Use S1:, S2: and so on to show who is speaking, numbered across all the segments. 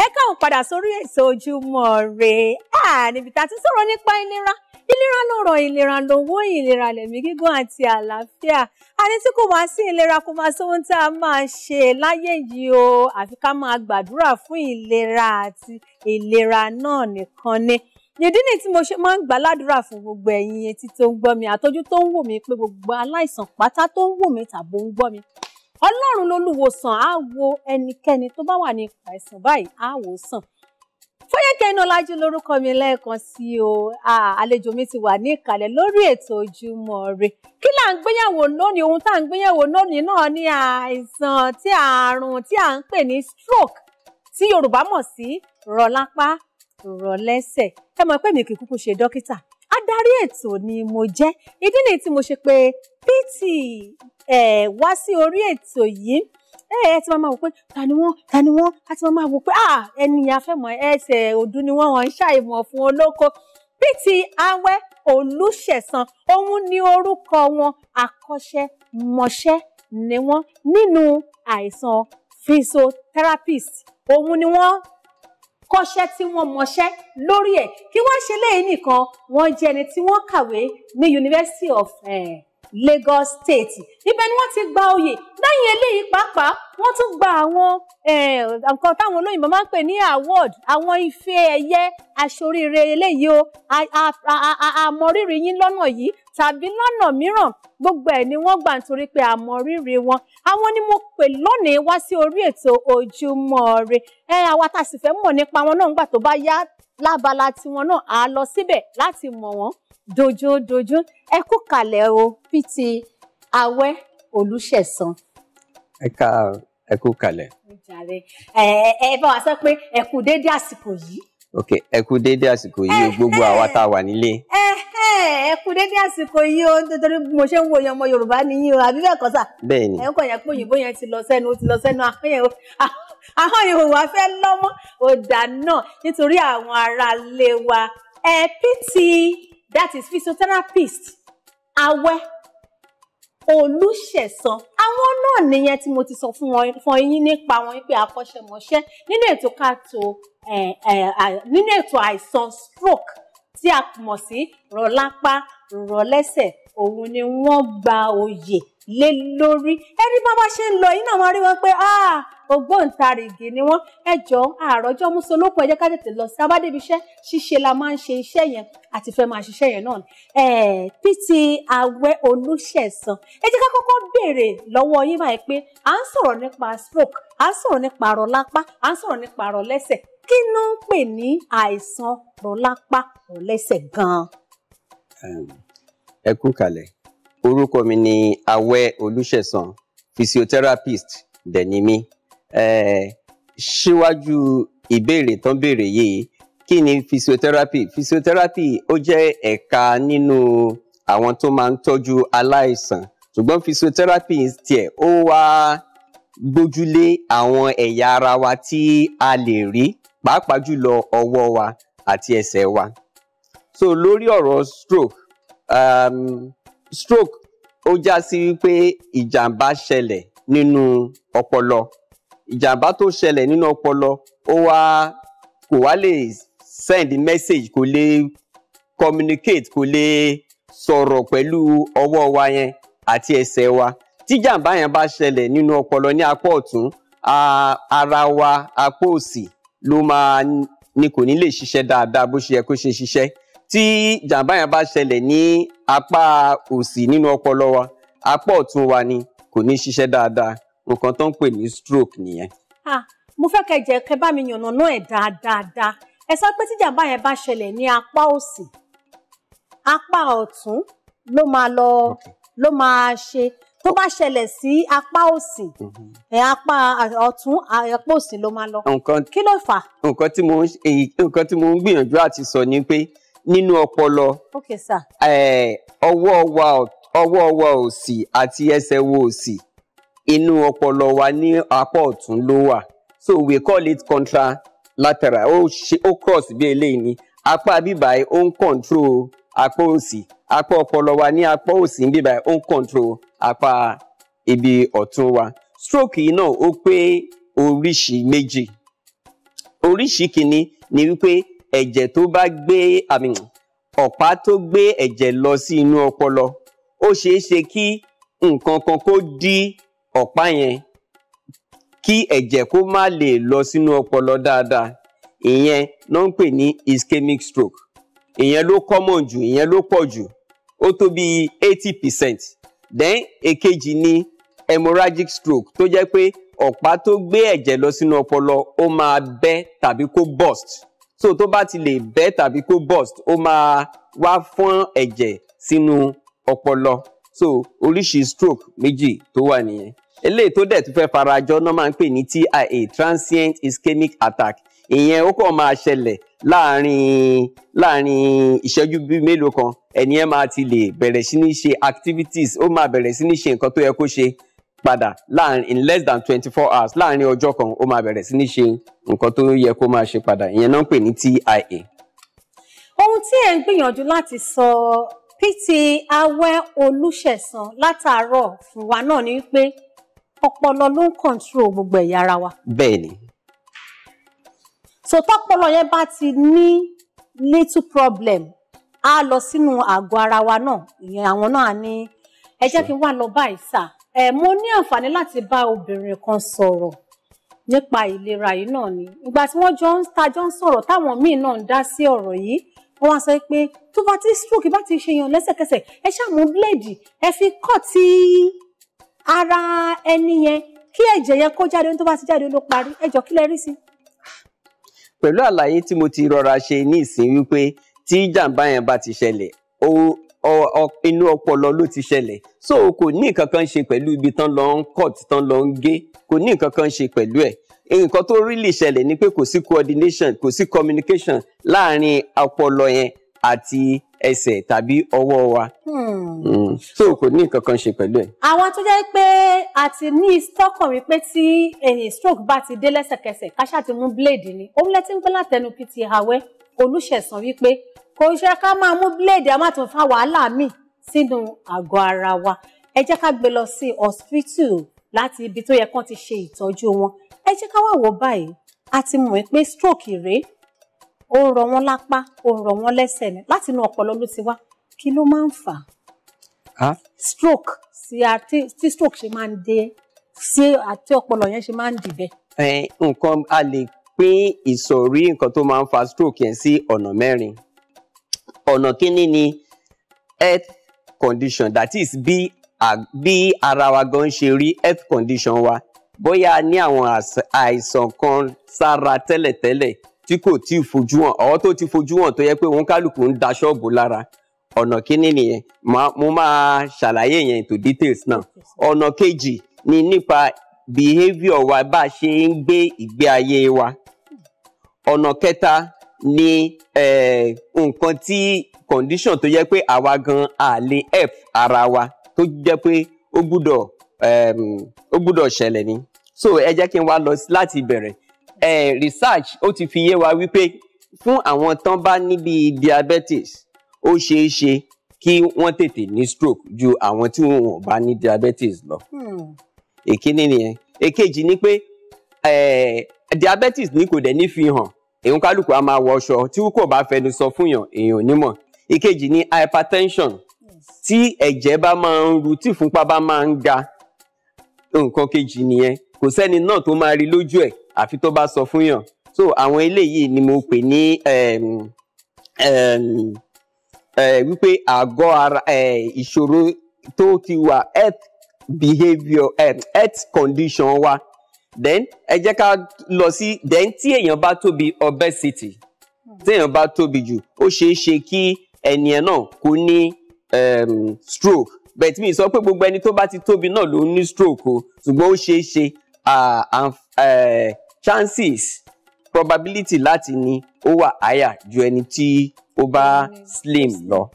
S1: ẹ káwọn padà sórí èso ojúmọ́ re níbi tá a ti sọ̀rọ̀ nípa ìlera ìlera lọ̀rọ̀ ìlera lówó ìlera lẹ̀mí gígùn àti àlàáfíà àní tí kò wá sí ìlera kò máa sóhun tá a máa ṣe láyé yìí o àfi ká máa gbàdúrà fún ìlera àti ìlera náà nìkan ni ìdí ni tí mo ṣe máa ń gbàládùra fún gbogbo ẹ̀yin etí tó ń gbọ́ mi àtọ́jú tó ń wò mí pé gbogbo aláìsàn pátá tó ń wò mí tàbí ó ń gbọ́ mi ọlọ́run lolúwòsàn á wo ẹnikẹ́ni tó bá wà ní àìsàn báyìí á wò ó sàn Fọyẹ́kẹ́ Inaọlájí lórúkọ mi lẹ́ẹ̀kan sí o àlejò mi ti wà ní ìkàlẹ̀ lórí ètò Ojúmọ́ Ire kí là ń gbéyàwó lónìí ohun tá à ń gbéyàwó lónìí náà ní àìsàn tí àrùn tí à ń pè ní stroke tí Yorùbá mọ̀ sí rọlápá rọlẹ́sẹ̀ ẹ mọ̀ pé mi kì í kúkú ṣe dókítà adarí ètò ni mo jẹ́ ìdí nìyí tí mo ṣe pé pt wá sí orí ètò yìí ẹ ti máa máa wò pé ta ni wọ́n ta ni wọ́n a ti máa máa wò pé ah ẹni afẹ́mọ̀ ẹsẹ̀ òdu ni wọ́n wọ́n ń ṣàìmọ̀ fún olóko pt awẹ́ olùṣẹ̀san òun ni orúkọ wọn akọ́ṣẹ́mọṣẹ́ ni wọ́n nínú àìsàn physiotherapist òun ni wọ́n kọ́ṣẹ́ tí wọ́n mọṣẹ́ lórí ẹ̀ kí wọ́n ṣe léyìn nìkan wọ́n jẹ́ ẹni tí wọ́n kàwé ní University of eh, Lagos State ibẹ̀ ni wọ́n ti gba oyè lẹ́yìn eléyìí pàápàá wọ́n tún gba àwọn eh, nǹkan táwọn olóyìnbó máa ń pè ní award àwọn ife ẹ̀yẹ aṣoríire eléyìí o àmọrírì yín lọ́nà yìí tàbí lọ́nà mìíràn gbogbo ẹ̀ ni wọ́n gbà nítorí pé a mọ rírì wọn àwọn ni mo pè lónìí wá sí orí ètò Ojúmọ́ Ire ẹ àwa tá a sì fẹ́ mọ̀ nípa wọn náà nígbà tó bá yá lábala tiwọn náà á lọ síbẹ̀ láti mọ̀ wọ́n dojúdojú ẹ kú kalẹ̀ o pt awẹ́
S2: olùṣẹ̀san. ẹ ká ẹ kú kalẹ̀.
S1: ẹ ẹ bá wa sọ pé ẹ kú déédé àsìkò yìí.
S2: ok ẹ kú déédé àsìkò yìí gbogbo àwa tá a wà nílé.
S1: ẹ ẹ kú dédé àsìkò yìí o nítorí mo ṣe ń wo yan ọmọ Yorùbá nìyí o àbí bẹ́ẹ̀ kọ́ sà. bẹ́ẹ̀ni ẹ ń kọ yẹn pé òyìnbó yẹn ti lọ sẹ́nu ó ti lọ sẹ́nu ahọ́n yẹn o ahọ́n yẹn ò wá fẹ́ lọ́mọ ọ̀dà náà nítorí àwọn aráalé wa ẹ pt that is physiotherapist awẹ́ olùṣẹ̀san àwọn náà nìyẹn tí mo ti sọ fún wọn fún yín nípa wọn pé akọ́ṣẹ́mọṣẹ́ nínú ètò káàtó nínú ètò àìsàn stroke tí a mọ̀ sí rọlápá rọlẹ́sẹ̀ òun ni wọ́n gba oyè lé lórí ẹni bá bá ṣe ń lọ yìí náà máa rí wọn pé ah, ògbóǹtarìgì ni wọn ẹjọ àròjọ mùsùlùmí ẹ jẹ́ ká tètè lọ sí abádébi iṣẹ́ ṣíṣe la máa ń ṣe iṣẹ́ yẹn àti fẹ́ máa ṣiṣẹ́ yẹn náà ẹ pt awẹ olùṣẹ̀san ẹ jẹ́ ká kọ́kọ́ béèrè lọ́wọ́ yín báyìí pé à ń sọ̀rọ̀ nípa stroke à ń sọ̀rọ̀ nípa àrọ lápá à ń sọ̀rọ̀ nípa àrọ lẹ́sẹ̀ kí ló ń pè ní àìsàn rọlápá rọlẹ́sẹ̀ gan-an.
S2: ẹ kú kalẹ̀ orúkọ mi ni awẹ́ olúṣẹ̀san physiotherapist dẹ̀ ni mí síwájú ìbéèrè tán béèrè yìí kí ni physiotherapy physiotherapy ó jẹ́ ẹ̀ka nínú àwọn tó máa ń tọ́jú aláìsàn ṣùgbọ́n physiotherapy tiẹ̀ ó wá gbójúlé àwọn ẹ̀yà ara wa tí a lè rí pàápàá jùlọ ọwọ́ wa àti ẹsẹ̀ wa so lórí ọ̀rọ̀ stroke um, stroke ó já sí wípé ìjàmbá ṣẹlẹ̀ nínú ọpọlọ ìjàmbá tó ṣẹlẹ̀ nínú ọpọlọ ó wá kò wá lè send message kò lè communicate kò lè sọ̀rọ̀ pẹ̀lú ọwọ́ wa yẹn àti ẹsẹ̀ wa tíjàmbá yẹn bá ṣẹlẹ̀ nínú ọpọlọ ní apá ọ̀tún ara wa apá òsì ló máa ni kò ní lè ṣiṣẹ́ dáadáa bó ṣe yẹ kó ṣe ṣiṣẹ́ tí jàǹbá yẹn bá ṣẹlẹ̀ ní apá òsì nínú ọpọlọ wa apá ọ̀tún wa ni kò ní ṣiṣẹ́ dáadáa nǹkan tó ń pè ní stroke nìyẹn.
S1: ah mo fẹ́ kẹ́ jẹ́ kẹ́ bá mi yànnà náà ẹ̀ dáadáa ẹ sọ pé tí jàǹbá yẹn bá ṣẹlẹ̀ ní apá òsì apá ọ̀tún ló máa lọ ló máa ṣe tó bá ṣẹlẹ̀ sí apá òsì mhm. ẹ apá ọ̀tún apá òsì ló máa lọ kí ló fà.
S2: nǹkan tí mo nǹkan tí mo ń gbìyànjú àti sọ ni pé nínú ọpọlọ ọwọ́ wa ọwọ́ wa òsì àti ẹsẹ̀ wa òsì inú ọpọlọ wa ní apá ọ̀tún ló wà so we call it contralateral ó cross bí eléyìí ni apá bíbáyìí ó ń control apá òsì apá ọpọlọ wa ní apá òsì bí báyìí ó control apá ibi ọ̀tún wa stroke yìí náà ó pé oríṣi méjì oríṣi kìíní ni wípé ẹ̀jẹ̀ tó bá gbé àmì ọ̀pá tó gbé ẹ̀jẹ̀ lọ sí inú ọpọlọ ó ṣeé ṣe kí nǹkan kan kó dí ọ̀pá yẹn kí ẹ̀jẹ̀ kó má lè lọ sínú ọpọlọ dáadáa ìyẹn náà ń pè ní ischemic stroke ìyẹn ló common jù ìyẹn ló pọ̀ jù ó tó bí eighty percent then èkejì ni hemorrhagic stroke tó jẹ́ pé ọ̀pá tó gbé ẹ̀jẹ̀ lọ sínú ọpọlọ ó máa bẹ́ tàbí kó burst so tó bá ti lè bẹ́ tàbí kó burst ó máa wá fọ́n ẹ̀jẹ̀ sínú ọpọlọ so oríṣi stroke méjì tó wà nìyẹn eléyìí tó dẹ̀ tún fẹ́ farajọ náà máa ń pè ní TIA transient ischemic attack ìyẹn ó kàn máa ṣẹlẹ̀ láàárín láàárín ìṣẹ́jú bíi mélòó kan ẹni ẹ máa ti lè bẹ̀rẹ̀ sí ní ṣe activities ó máa bẹ̀rẹ̀ sí ní ṣe nǹkan tó yẹ kó ṣe padà láàárín in less than twenty four hours láàárín ọjọ́ kan ó máa bẹ̀rẹ̀ sí ní ṣe nǹkan tó yẹ kó máa ṣe padà ìyẹn náà ń pè ní TIA.
S1: ohun tí ẹ ń gbìyànjú láti sọ pt awẹ olùṣẹ̀san látàárọ̀ fún wa náà ni pé ọpọlọ ló ń control gbogbo ẹ̀yà ara wa. bẹ́ẹ̀ni so tọ́pọ̀lọ yẹn bá ti ní little problem á lọ sínú àgọ́ ara wa náà ìyẹn àwọn náà ní ẹ jẹ́ kí n wá lọ báyìí sà ẹ mo ní àǹfààní láti bá obìnrin kan sọ̀rọ̀ nípa ìlera yìí náà ni ìgbà tí wọ́n jọ ń ta jọ ń sọ̀rọ̀ táwọn míì náà ń dá sí ọ̀rọ̀ yìí wọ́n wá sọ pé tó bá ti stroke bá ti ṣe yàn lẹ́sẹ̀kẹsẹ̀ ẹ ṣàmú bíléèdì ẹ fi kọ́ ti ara ẹni yẹn kí ẹ̀jẹ̀ yẹn kó jáde tó bá ti jáde ló parí ẹjọ́ kí lẹ rí sí i
S2: pẹ̀lú àlàyé tí mo ti rọra ṣe ní ìsìn wípé tí jàǹbá yẹn bá ti ṣẹlẹ̀ inú ọpọlọ ló ti ṣẹlẹ̀ so kò ní nǹkan kan ṣe pẹ̀lú ibi tán lọ ń cut tán lọ ń gé kò ní nǹkan kan ṣe pẹ̀lú ẹ̀ nǹkan tó rí lè ṣẹlẹ̀ ni pé kò sí coordination kò sí communication láàárín ọpọlọ yẹn àti ẹsẹ̀ tàbí ọwọ́ wa hmm. Hmm. so kò ní nǹkan kan ṣe pẹ̀lú ẹ̀.
S1: àwọn tó jẹ́ pé a ti ní stọ́kàn wípé tí eh, stroke bá ti dé lẹ́sẹ̀kẹsẹ̀ káṣá ti mú blade ni òun lẹ́tí ń gbé látẹnu pt Hawe Olúṣẹ̀san wípé kò ṣe ká máa mú blade a máa tún fa wàhálà míì sínú àgọ́ ara wa ẹ jẹ́ ká gbé lọ sí hospital láti ibi tó yẹ kán ti ṣe ìtọ́jú wọn ẹ jẹ́ ká wá wò báyìí a ti mọ̀ pé stroke rèé ó ń rọ wọ́n lápá ó ń rọ wọ́n lẹ́sẹ̀ ni láti inú ọpọlọ ló ti wá kí ló máa ń fà á. stroke sí àti tí stroke ṣe máa ń dé sí àti ọpọlọ yẹn ṣe máa ń dìbẹ.
S2: nǹkan a lè pín ìsọ̀rí nǹkan tó máa ń fa stroke yẹn sí ọ̀nà mẹ́rin ọ̀nà kínní ni health condition that is bí bí ara wa gan ṣe rí health condition wa bóyá a ní àwọn àìsàn kan sára tẹ́lẹ̀tẹ́lẹ̀ tí kò tí ì fojú hàn ọ̀họ́ tó ti fojú hàn tó yẹ pé òun kálukú ń da ṣọ́ọ̀bù lára ọ̀nà kíní nìyẹn mo máa ṣàlàyé yẹn to details náà ọ̀nà kejì ni nípa behaviour wa bá a ṣe ń gbé ìgbé ayé wa ọ̀nà kẹta ni nǹkan tí condition tó yẹ pé àwa gan a lè help ara wa tó jẹ́ pé ó gbúdọ̀ ṣẹlẹ̀ ni so ẹ jẹ́ kí n wá lọ láti ìbẹ̀rẹ̀ eh, research ó ti fi yé wa wípé fún àwọn tán bá níbi diabetes ó ṣeé ṣe kí wọ́n tètè ní stroke ju àwọn tí wọn ò bá ní diabetes lọ. èkíní hmm. nìyẹn èkejì ni pé diabetes ní kò dẹ̀ ní fi hàn èyí kálukú á máa wọ ọṣọ tí kò bá fẹnu sọ fún yàn ò ní mọ̀ ìkejì ni hypertension tí ẹ̀jẹ̀ bá máa ń ru tí ìfúnpá bá máa ń ga nǹkan kejì nìyẹn kò sẹ́ni náà tó máa rí lójú ẹ̀ àfi tó bá sọ fún yàn so àwọn eléyìí ni mo pè ní eh, wípé àgọ́ ara eh, ìṣòro tó ti wà health behaviour eh, health condition wa then ẹ jẹ́ ká lọ sí then tí èèyàn bá tóbi obesity tí èèyàn bá tóbi jù ó ṣeé ṣe kí ẹni náà kó ní stroke bẹ́ẹ̀ tí mi sọ pé gbogbo ẹni tó bá ti tóbi náà ló ní stroke o ṣùgbọ́n ó ṣeé ṣe chances probability láti ní ó wà higher ju ẹni tí ó bá slim lọ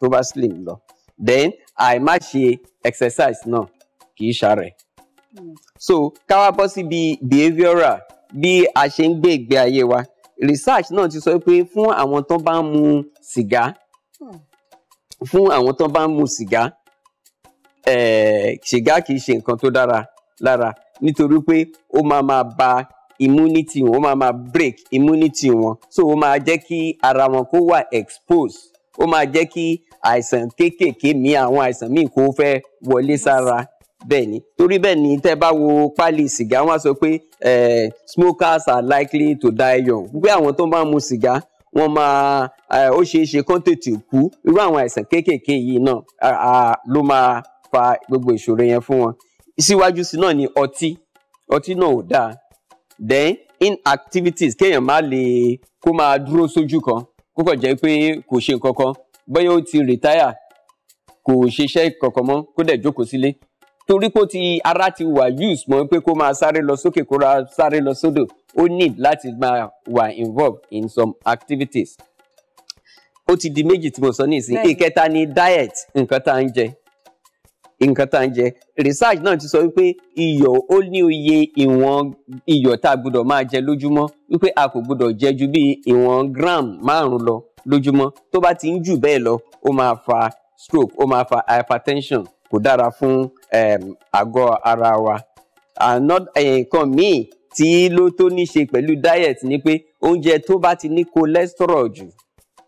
S2: tó bá slim lọ then àìmáṣe exercise náà kì í ṣàrẹ̀. Hmm. so ká wá bọ́ síbi behavioral bí a ṣe ń gbé ìgbé ayé wa research náà ti sọ pé fún àwọn tó bá ń mu sìgá hmm. fún àwọn tó bá ń mu sìgá eh, sìgá kì í ṣe nǹkan tó dára lára nítorí pé ó máa máa ba immunity wọn ó máa máa break immunity wọn so ó máa jẹ́ kí ara wọn kó wà expose ó máa jẹ́ kí àìsàn kéékèèké mi àwọn àìsàn mi kó fẹ́ wọlé sára bẹ́ẹ̀ ni torí bẹ́ẹ̀ ni tẹ́ bá wo pálí sìgá wọ́n á sọ pé smokers are likely to die young wípé àwọn tó máa ń mu sìgá wọ́n máa ó ṣeé ṣe kán tètè kú irú àwọn àìsàn kéékèèké yìí náà ló máa fa gbogbo ìṣòro yẹn fún wọn síwájú sí náà ni ọtí ọtí náà ò dáa then inactivities kéèyàn má le kó máa dúró sójú kan kó kàn jẹ́ pé kò ṣe nǹkan kan bóyá ó ti retire kò ṣiṣẹ́ kankan mọ́ kó dẹ̀ jókòó sílé torí pé ti ara ti wà use mọ́ pé kó máa sáré lọ sókè kó ra sáré lọ sódò ó need láti máa wà involved in some activities ó ti di méjì tí mo sọ nísìnyí ìkẹta ni diet nǹkan tá à ń jẹ nǹkan tá à ń jẹ research náà ti sọ wípé iyọ̀ ó ní oye ìwọ̀n iyọ̀ tá a gbọ́dọ̀ máa jẹ lójúmọ́ wípé a kò gbọ́dọ̀ jẹ ju bí ìwọ̀n gram márùn lọ lójúmọ́ tó bá ti ń jù bẹ́ẹ̀ lọ ó máa fa stroke ó máa fa hypertension kò dára fún um, àgọ́ ara wa eh, nǹkan míì tí ló tó ní ṣe pẹ̀lú diet ni pé oúnjẹ tó bá ti ní cholesterol jù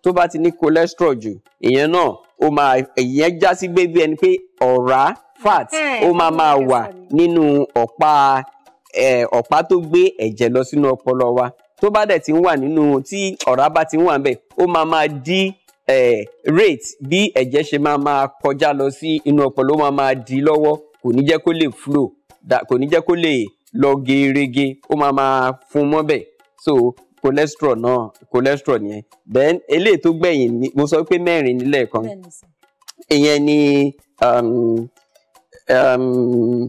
S2: tó bá ti ní cholesterol jù ìyẹn náà ó máa ìyẹn já sí gbé ẹni pé ọ̀rá fat ó máa máa wà nínú ọ̀pá ọ̀pá tó gbé ẹ̀jẹ̀ lọ sínú ọpọlọ wa tó bá dẹ̀ ti ń wà nínú tí ọ̀rá bá ti ń wà ń bẹ̀ ó máa máa dí rate bí ẹ̀jẹ̀ ṣe máa máa kọjá lọ sí inú ọpọlọ ó máa máa dí lọ́wọ́ kò ní jẹ́ kó lè flow kò ní jẹ́ kó lè lọ gerege ó máa máa fún mọ́bẹ̀ so cholesterol náà cholesterol nìyẹn then eléyìí tó gbẹ̀yìn ni mo sọ pé mẹ́rin nílẹ̀ kan ìyẹn ni um, um,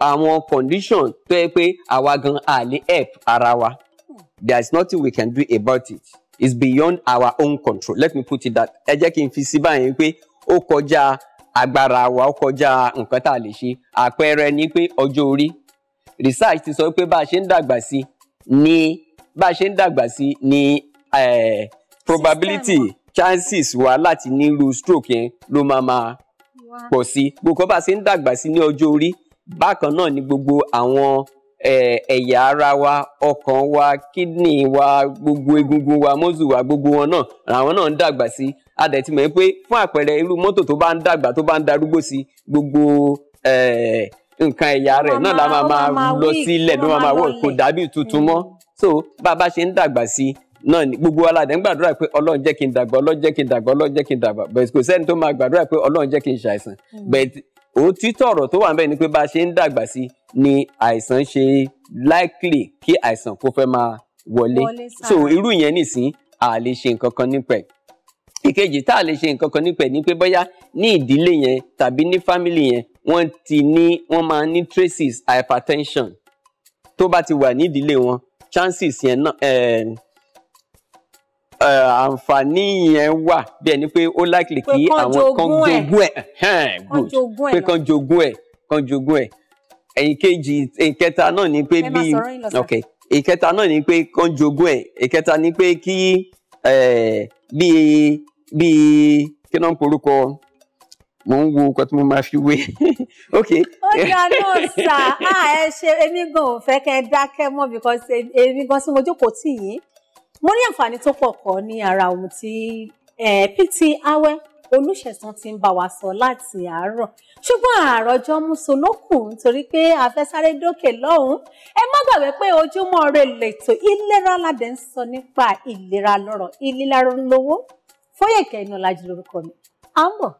S2: àwọn condition tó yẹ pé àwa gan a lè help ara wa hmm. there is nothing we can do about it it's beyond our own control let me put it that ẹ jẹ́ kí n fi sí báyìí pé ó kọjá agbára wa ó kọjá nǹkan tá a lè ṣe àpẹẹrẹ ni pé ọjọ́ orí research ti sọ pé bá a ṣe ń dàgbà sí ni bá a ṣe ń dàgbà sí ni probability chances wa láti nílùú stroke yẹn ló máa máa pọ̀ sí gbogbo bá a ṣe ń dàgbà sí ní ọjọ́ orí bákan náà ni gbogbo àwọn ẹ̀yà ara wa ọkàn wa kidney wa gbogbo egungun wa mọ́sù wa gbogbo wọn náà àwọn náà ń dàgbà sí adẹ̀tìmọ̀ pé fún àpẹẹrẹ irú mọ́tò tó bá ń dàgbà tó bá ń darúgbó sí gbogbo nǹkan ẹ̀yà rẹ̀ náà la máa máa lọ sílẹ̀ ló máa máa wọ̀ kò dàbí tuntun mọ́ so bá a bá ṣe ń dàgbà sí náà ni gbogbo aládé ń gbàdúrà pé ọlọ́run jẹ́ kí n dàgbà ọlọ́run jẹ́ kí n dàgbà ọlọ́run jẹ́ kí n dàgbà bẹ́ẹ̀ kò sẹ́ni tó máa gbàdúrà pé ọlọ́run jẹ́ kí n ṣàìsàn mm. bẹ́ẹ̀ òtítọ́ ọ̀rọ̀ tó wà ń bẹ̀ ni pé bá a ṣe ń dàgbà sí ni àìsàn ṣe likely kí àìsàn kó fẹ́ máa wọlé so irú yẹn nìsín a lè ṣe nǹkan kan nípẹ̀ ìkejì tá a lè ṣe nǹkan kan nípẹ̀ ni pé bóyá ní ìdílé yẹn tàbí ní fámìlì yẹn wọ́n ti ní wọ́n máa ní traces hypertension tó bá ti wà ní ìdílé wọn chances yẹn náà àǹfààní yẹn wà bí ẹni pé ó likely kí àwọn kan jogún ẹ̀ good pé kan jogún ẹ̀ kan jogún ẹ̀ ẹ̀yìn kejì ìkẹta náà ni pé bíi ok ìkẹta náà ni pé kan jogún ẹ̀ ìkẹta ni pé kí bíi bíi kí náà ń porúkọ mo ń wo nǹkan tí mo máa fi wé ok. ó dáná sà á
S1: ẹ ṣe èmi gan ò fẹ́ kẹ́ ẹ dákẹ́ mọ́ because èmi gan sí mo jókòó tì yín mo ní àǹfààní tó pọ̀ kọ́ ní ara ohun tí pt awẹ́ olùṣẹ̀san ti ń bá wa sọ láti àárọ̀ ṣùgbọ́n àròjọ mùsùlùkù nítorí pé a fẹ́ sáré dókè lọ́hùn-ún ẹ má gbàgbé pé ojúmọ́ ire lètò ìlera ládẹ́ ń sọ nípa ìlera lọ́rọ̀ ìlera lówó Fóyèkẹ́ Inaọlájí lórúkọ mi à ń bọ̀.